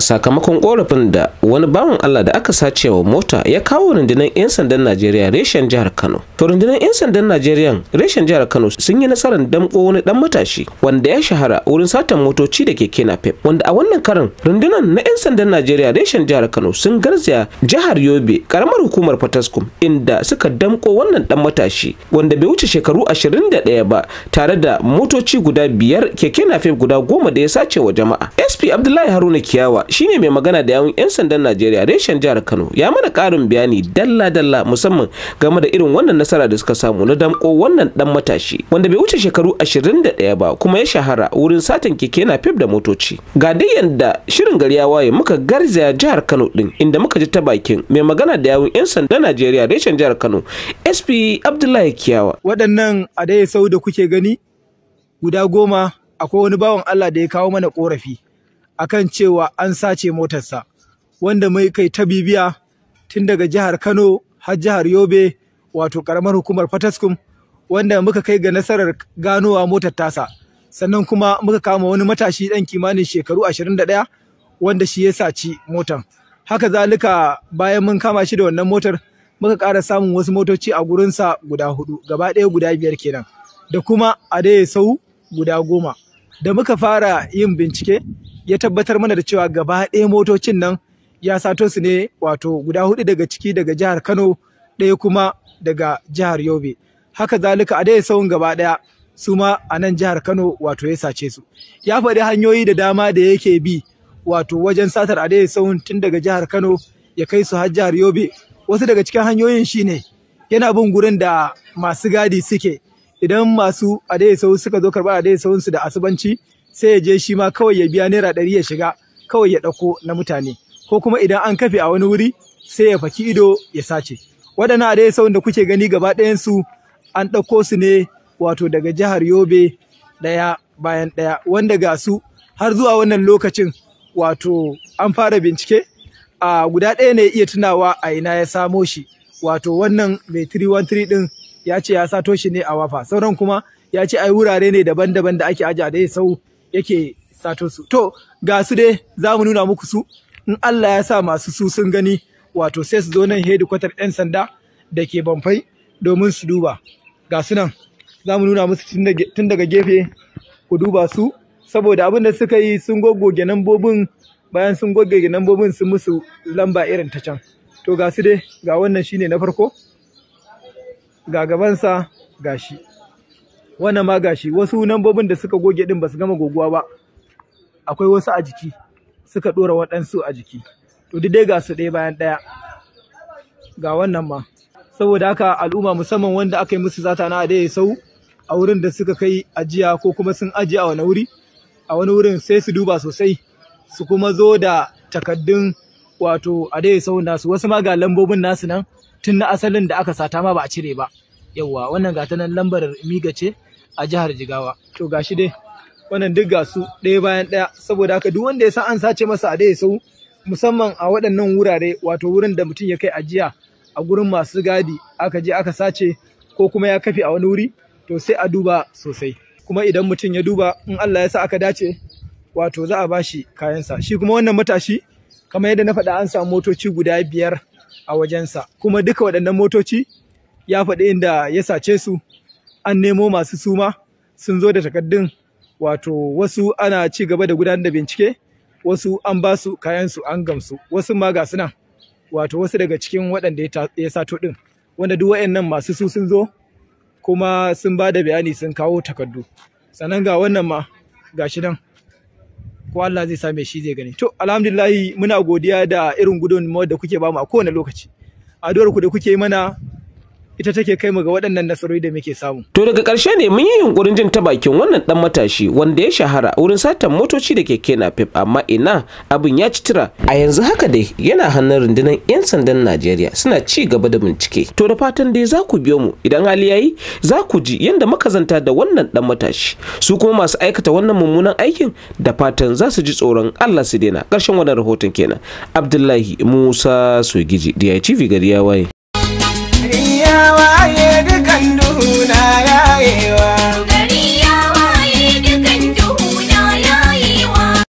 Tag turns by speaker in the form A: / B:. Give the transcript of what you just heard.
A: a sakamakon korafin da wani bawan Allah da aka sace wa mota ya kawo rundunar 'yan sandan Najeriya reshen jihar Kano. To rundunar 'yan sandan Najeriya reshen jihar Kano sun yi nasarar damko wani dan matashi wanda ya shahara wurin satan motoci da keke napep wanda a wannan karan rundunar na 'yan sandan Najeriya reshen jihar Kano sun garzaya jihar Yobe karamar hukumar Fataskum inda suka damko wannan dan matashi wanda bai wuce shekaru 21 ba tare da motoci guda biyar keke napep guda goma da ya sace wa jama'a. SP Abdullahi Haruna Kiyawa Shi ne mai magana da yawun 'yan sandan Najeriya reshen jihar Kano ya mana ƙarin bayani dalla-dalla musamman game da irin wannan nasara da suka samu na damko wannan dan matashi wanda bai wuce shekaru 21 ba kuma ya shahara wurin satan keke na fif da motoci. Ga dai yanda shirin gari ya waye muka garzaya jihar Kano din inda muka ji ta bakin mai magana da yawun 'yan sandan Najeriya reshen jihar Kano SP Abdullahi Kiyawa.
B: Waɗannan a sau da kuke gani guda goma akwai wani bawan Allah da ya kawo mana korafi akan cewa an sace motarsa wanda mai kai ta bibiya tun daga jihar Kano har jihar Yobe wato karamar hukumar Fataskum wanda muka kai ga nasarar ganowa motar tasa sannan kuma muka kama wani matashi dan kimanin shekaru 21 wanda shi ya saci motar haka zalika bayan mun kama shi da wannan motar muka ƙara samun wasu motoci a gurinsa guda hudu gaba ɗaya guda biyar kenan da kuma a daya sau guda goma da muka fara yin bincike ya tabbatar mana da cewa gaba ɗaya motocin nan ya sato su ne wato guda hudu daga ciki daga jihar Kano ɗaya kuma daga jihar Yobe. Haka zalika a daya sauyin gaba ɗaya su ma a nan jihar Kano wato ya sace su. Ya faɗi hanyoyi da dama da yake bi wato wajen satar a daya sauyin tun daga jihar Kano ya kai su har jihar Yobe. Wasu daga cikin hanyoyin shi ne yana bin gurin da masu gadi suke idan masu a dai suka zo karɓar a dai su da asubanci sai ya je shi ma kawai ya biya naira ɗari ya shiga kawai ya ɗauko na mutane ko kuma idan an kafe a wani wuri sai ya faki ido ya sace waɗannan a dai sauran da kuke gani gaba ɗayansu an ɗauko su ne wato daga jihar yobe ɗaya bayan ɗaya wanda ga su har zuwa wannan lokacin wato an fara bincike a guda ɗaya ne iya tunawa a ina ya samo shi wato wannan mai 313 ɗin ya ce ya sato shi ne a wafa sauran kuma ya ce ai wurare ne daban-daban da ake ajiye da sau yake sato su to ga su dai za mu nuna muku su in Allah ya sa masu su sun gani wato sai su zo nan hedikwatar 'yan sanda da ke bamfai domin su duba ga su nan za mu nuna musu tun daga gefe ku duba su saboda abin da suka yi sun goggoge bobin bayan sun goggoge nambobin sun musu lamba irin ta can to ga su dai ga wannan shine na farko ga gabansa ga shi wannan ma gashi wasu nambobin da suka goge din ba su gama goguwa ba akwai wasu a jiki suka dora waɗansu a jiki to duk dai ga su ɗaya bayan ɗaya ga wannan ma saboda haka al'umma musamman wanda aka yi musu zata na da ya sau a wurin da suka kai ajiya ko kuma sun ajiye a wani wuri a wani wurin sai su duba sosai su kuma zo da takaddun wato a dai sau nasu wasu ma ga lambobin nasu nan tun na asalin da aka sata ma ba a cire ba yawwa wannan ga ta nan lambar miga ce a jihar Jigawa. To gashi dai wannan duk ga su ɗaya bayan ɗaya saboda haka duk wanda ya san an sace masa a dai sau musamman a waɗannan wurare wato wurin da mutum ya kai ajiya a gurin masu gadi aka je aka sace ko kuma ya kafe a wani wuri to sai a duba sosai kuma idan mutum ya duba in Allah ya sa aka dace wato za a bashi kayansa shi kuma wannan matashi kamar yadda na faɗa an samu motoci guda biyar a wajensa kuma duka waɗannan motoci ya faɗi inda ya sace su an nemo masu suma sun zo da takaddun wato wasu ana ci gaba da gudanar da bincike wasu an ba su kayansu an gamsu wasu ma ga suna wato wasu daga cikin waɗanda ya sato din wanda duk waɗannan masu su sun zo kuma sun ba da bayani sun kawo takardu sannan ga wannan ma ga shi nan ko Allah zai same shi zai gani to alhamdulillah muna godiya da irin gudunmawar da kuke bamu a kowane lokaci addu'ar ku da kuke mana ita take kai mu ga waɗannan nasarori da muke samu.
A: To daga ƙarshe ne mun yi yunkurin jin ta bakin wannan ɗan matashi wanda ya shahara wurin satan motoci da keke napep amma ina abin ya ci tira. A yanzu haka dai yana hannun rundunar 'yan sandan Najeriya suna ci gaba da bincike. To da fatan dai za ku biyo mu idan hali yi? za ku ji yadda makazanta da wannan ɗan matashi su kuma masu aikata wannan mummunan aikin da fatan za su ji tsoron Allah su daina. Ƙarshen wannan rahoton kenan. Abdullahi Musa Sogiji, DITV gari ya waye.
B: waye dukan duhu na yayewa